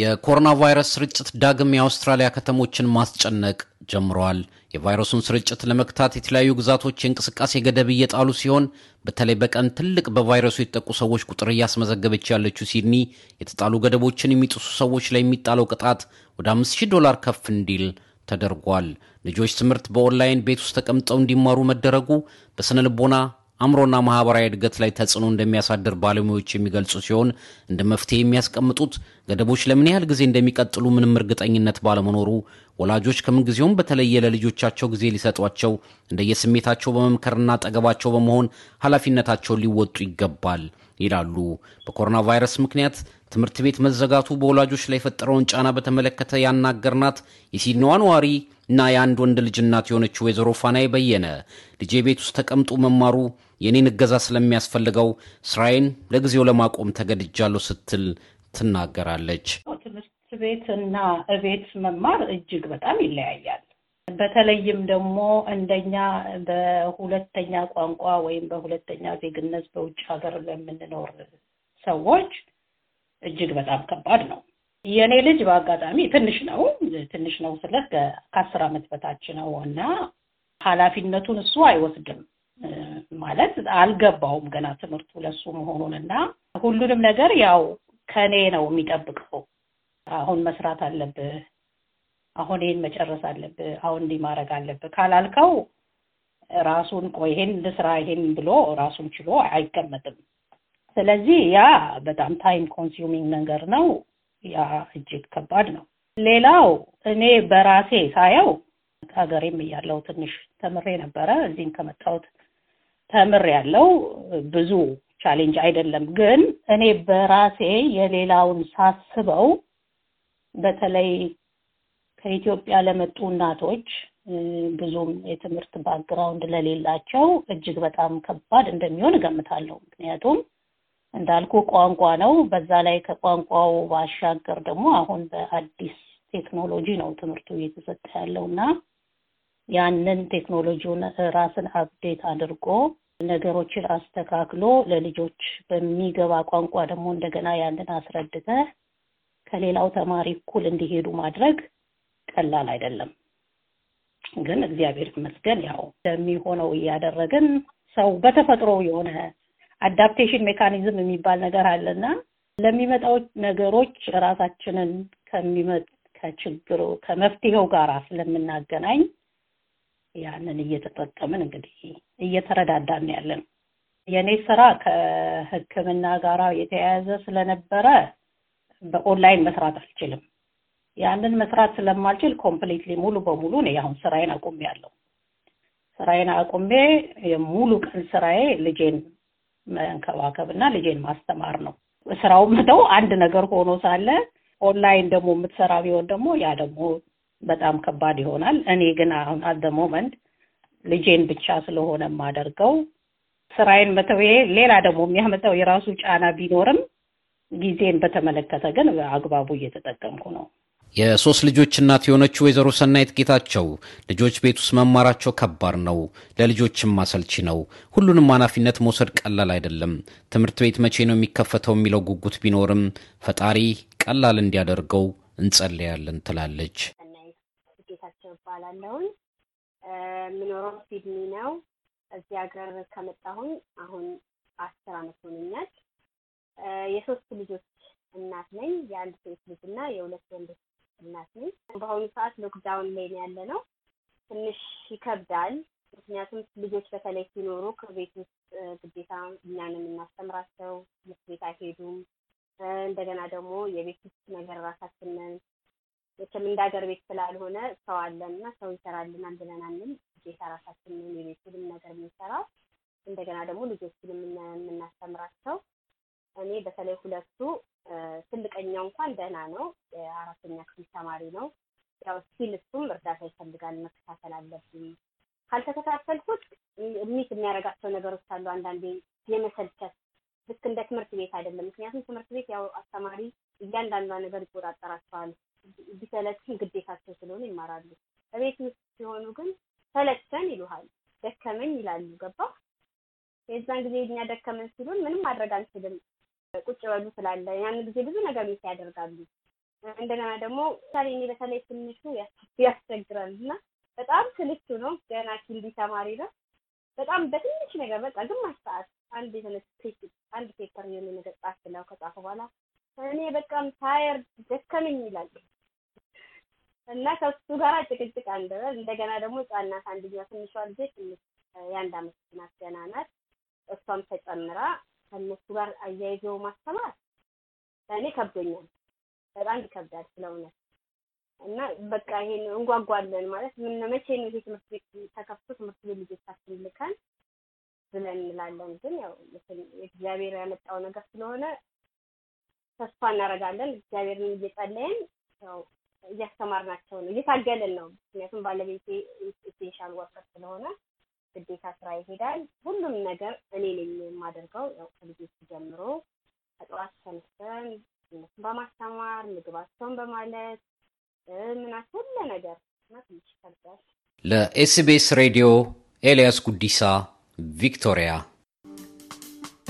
የኮሮና ቫይረስ ስርጭት ዳግም የአውስትራሊያ ከተሞችን ማስጨነቅ ጀምረዋል። የቫይረሱን ስርጭት ለመግታት የተለያዩ ግዛቶች የእንቅስቃሴ ገደብ እየጣሉ ሲሆን በተለይ በቀን ትልቅ በቫይረሱ የተጠቁ ሰዎች ቁጥር እያስመዘገበች ያለችው ሲድኒ የተጣሉ ገደቦችን የሚጥሱ ሰዎች ላይ የሚጣለው ቅጣት ወደ 5000 ዶላር ከፍ እንዲል ተደርጓል። ልጆች ትምህርት በኦንላይን ቤት ውስጥ ተቀምጠው እንዲማሩ መደረጉ በስነ ልቦና አእምሮና ማህበራዊ እድገት ላይ ተጽዕኖ እንደሚያሳድር ባለሙያዎች የሚገልጹ ሲሆን እንደ መፍትሄ የሚያስቀምጡት ገደቦች ለምን ያህል ጊዜ እንደሚቀጥሉ ምንም እርግጠኝነት ባለመኖሩ ወላጆች ከምንጊዜውም በተለየ ለልጆቻቸው ጊዜ ሊሰጧቸው እንደየስሜታቸው በመምከርና አጠገባቸው በመሆን ኃላፊነታቸውን ሊወጡ ይገባል ይላሉ። በኮሮና ቫይረስ ምክንያት ትምህርት ቤት መዘጋቱ በወላጆች ላይ የፈጠረውን ጫና በተመለከተ ያናገርናት የሲድኒዋ ነዋሪ እና የአንድ ወንድ ልጅ እናት የሆነችው ወይዘሮ ፋናይ በየነ ልጄ ቤት ውስጥ ተቀምጦ መማሩ የእኔን እገዛ ስለሚያስፈልገው ስራዬን ለጊዜው ለማቆም ተገድጃለሁ ስትል ትናገራለች። ትምህርት ቤት እና እቤት መማር እጅግ በጣም ይለያያል። በተለይም ደግሞ እንደኛ በሁለተኛ ቋንቋ ወይም በሁለተኛ ዜግነት በውጭ ሀገር ለምንኖር ሰዎች እጅግ በጣም ከባድ ነው። የእኔ ልጅ በአጋጣሚ ትንሽ ነው ትንሽ ነው ስለ ከአስር ዓመት በታች ነው እና ኃላፊነቱን እሱ አይወስድም ማለት አልገባውም ገና ትምህርቱ ለሱ መሆኑን እና ሁሉንም ነገር ያው ከእኔ ነው የሚጠብቀው። አሁን መስራት አለብህ፣ አሁን ይህን መጨረስ አለብህ፣ አሁን እንዲህ ማድረግ አለብህ ካላልከው ራሱን ቆይ ይሄን ልስራ ይሄን ብሎ ራሱን ችሎ አይቀመጥም። ስለዚህ ያ በጣም ታይም ኮንሱሚንግ ነገር ነው። ያ እጅግ ከባድ ነው። ሌላው እኔ በራሴ ሳየው ሀገሬም እያለው ትንሽ ተምሬ ነበረ። እዚህም ከመጣሁት ተምር ያለው ብዙ ቻሌንጅ አይደለም። ግን እኔ በራሴ የሌላውን ሳስበው በተለይ ከኢትዮጵያ ለመጡ እናቶች ብዙም የትምህርት ባክግራውንድ ለሌላቸው እጅግ በጣም ከባድ እንደሚሆን እገምታለሁ። ምክንያቱም እንዳልኩ ቋንቋ ነው። በዛ ላይ ከቋንቋው ባሻገር ደግሞ አሁን በአዲስ ቴክኖሎጂ ነው ትምህርቱ እየተሰጠ ያለው እና ያንን ቴክኖሎጂውን ራስን አፕዴት አድርጎ ነገሮችን አስተካክሎ ለልጆች በሚገባ ቋንቋ ደግሞ እንደገና ያንን አስረድተ ከሌላው ተማሪ እኩል እንዲሄዱ ማድረግ ቀላል አይደለም። ግን እግዚአብሔር ይመስገን ያው እንደሚሆነው እያደረግን ሰው በተፈጥሮ የሆነ አዳፕቴሽን ሜካኒዝም የሚባል ነገር አለና ለሚመጣው ነገሮች ራሳችንን ከሚመጥ ከችግሩ ከመፍትሄው ጋር ስለምናገናኝ ያንን እየተጠቀምን እንግዲህ እየተረዳዳን ያለን። የእኔ ስራ ከሕክምና ጋር የተያያዘ ስለነበረ በኦንላይን መስራት አልችልም። ያንን መስራት ስለማልችል ኮምፕሊትሊ ሙሉ በሙሉ ነው አሁን ስራዬን አቁሜ ያለው። ስራዬን አቁሜ የሙሉ ቀን ስራዬ ልጄን መንከባከብ እና ልጄን ማስተማር ነው። ስራው ምተው አንድ ነገር ሆኖ ሳለ ኦንላይን ደግሞ የምትሰራ ቢሆን ደግሞ ያ ደግሞ በጣም ከባድ ይሆናል። እኔ ግን አሁን አት ሞመንት ልጄን ብቻ ስለሆነ የማደርገው ስራዬን መተው ሌላ ደግሞ የሚያመጣው የራሱ ጫና ቢኖርም ጊዜን በተመለከተ ግን አግባቡ እየተጠቀምኩ ነው። የሶስት ልጆች እናት የሆነችው ወይዘሮ ሰናይት ጌታቸው ልጆች ቤት ውስጥ መማራቸው ከባድ ነው፣ ለልጆችም አሰልቺ ነው። ሁሉንም ኃላፊነት መውሰድ ቀላል አይደለም። ትምህርት ቤት መቼ ነው የሚከፈተው የሚለው ጉጉት ቢኖርም ፈጣሪ ቀላል እንዲያደርገው እንጸለያለን ትላለች። ሰናይት ጌታቸው እባላለሁኝ። የምኖረው ሲድኒ ነው። እዚህ ሀገር ከመጣሁኝ አሁን አስር አመት ሆነኛል። የሶስት ልጆች እናት ነኝ። የአንድ ሴት ልጅ እና የሁለት ወንዶች እናት ነኝ። በአሁኑ ሰዓት ሎክዳውን ላይ ነው ያለ ነው። ትንሽ ይከብዳል። ምክንያቱም ልጆች በተለይ ሲኖሩ ከቤት ውስጥ ግዴታ እኛንም የምናስተምራቸው ትምህርት ቤት አይሄዱም። እንደገና ደግሞ የቤት ውስጥ ነገር ራሳችንን መቼም ቤት ስላልሆነ ሰው አለን እና ሰው ይሰራልናል ብለናንም ግዴታ ራሳችንን የቤቱንም ነገር የምንሰራው እንደገና ደግሞ ልጆችንም የምናስተምራቸው እኔ በተለይ ሁለቱ ትልቀኛው እንኳን ደህና ነው፣ የአራተኛ ክፍል ተማሪ ነው። ያው ስቲል እሱም እርዳታ ይፈልጋል፣ መከታተል አለብኝ። ካልተከታተልኩት ሚት የሚያደርጋቸው ነገሮች አሉ። አንዳንዴ የመሰልቸት ልክ እንደ ትምህርት ቤት አይደለም። ምክንያቱም ትምህርት ቤት ያው አስተማሪ እያንዳንዷ ነገር ይቆጣጠራቸዋል። ቢሰለችም ግዴታቸው ስለሆነ ይማራሉ። በቤት ውስጥ ሲሆኑ ግን ሰለቸን ይሉሃል፣ ደከመኝ ይላሉ። ገባ የዛን ጊዜ እኛ ደከመን ሲሉን ምንም ማድረግ አንችልም። ቁጭ በሉ ስላለ ያን ጊዜ ብዙ ነገር ሚስ ያደርጋሉ። እንደገና ደግሞ ሳሌ እኔ በተለይ ትንሹ ያስቸግራል እና በጣም ትንሹ ነው፣ ገና ኪንዲ ተማሪ ነው። በጣም በትንሽ ነገር በቃ ግማሽ ሰዓት አንድ የሆነ አንድ ፔፐር የሆነ ነገር ጻፍ ብለው ከጻፈ በኋላ እኔ በጣም ታየር ደከመኝ ይላል እና ከሱ ጋር ጭቅጭቅ አንድ እንደገና ደግሞ ህጻናት አንድኛ ትንሿ ልጅ ትንሽ የአንድ አመት ናት ገና ናት። እሷም ተጨምራ ከነሱ ጋር አያይዘው ማስተማር እኔ ከብዶኛል፣ በጣም ይከብዳል ስለሆነ እና በቃ ይሄን እንጓጓለን ማለት ምን መቼ ነው ይሄ ትምህርት ቤት ተከፍቶ ትምህርት ቤት ልጆቻችን ልከን ብለን እንላለን። ግን ያው እግዚአብሔር ያመጣው ነገር ስለሆነ ተስፋ እናደርጋለን። እግዚአብሔርን እየጸለይን ያው እያስተማርናቸው ነው፣ እየታገልን ነው። ምክንያቱም ባለቤቴ ኢሴንሻል ወርከር ስለሆነ ግዴታ ስራ ይሄዳል። ሁሉም ነገር እኔ ነኝ የማደርገው። ያው ከልጆች ጀምሮ ከጠዋት ተነስተን እነሱን በማስተማር ምግባቸውን በማለት ምናት ሁሉ ነገር እና ትንሽ ይከብዳል። ለኤስቢኤስ ሬዲዮ ኤልያስ ጉዲሳ ቪክቶሪያ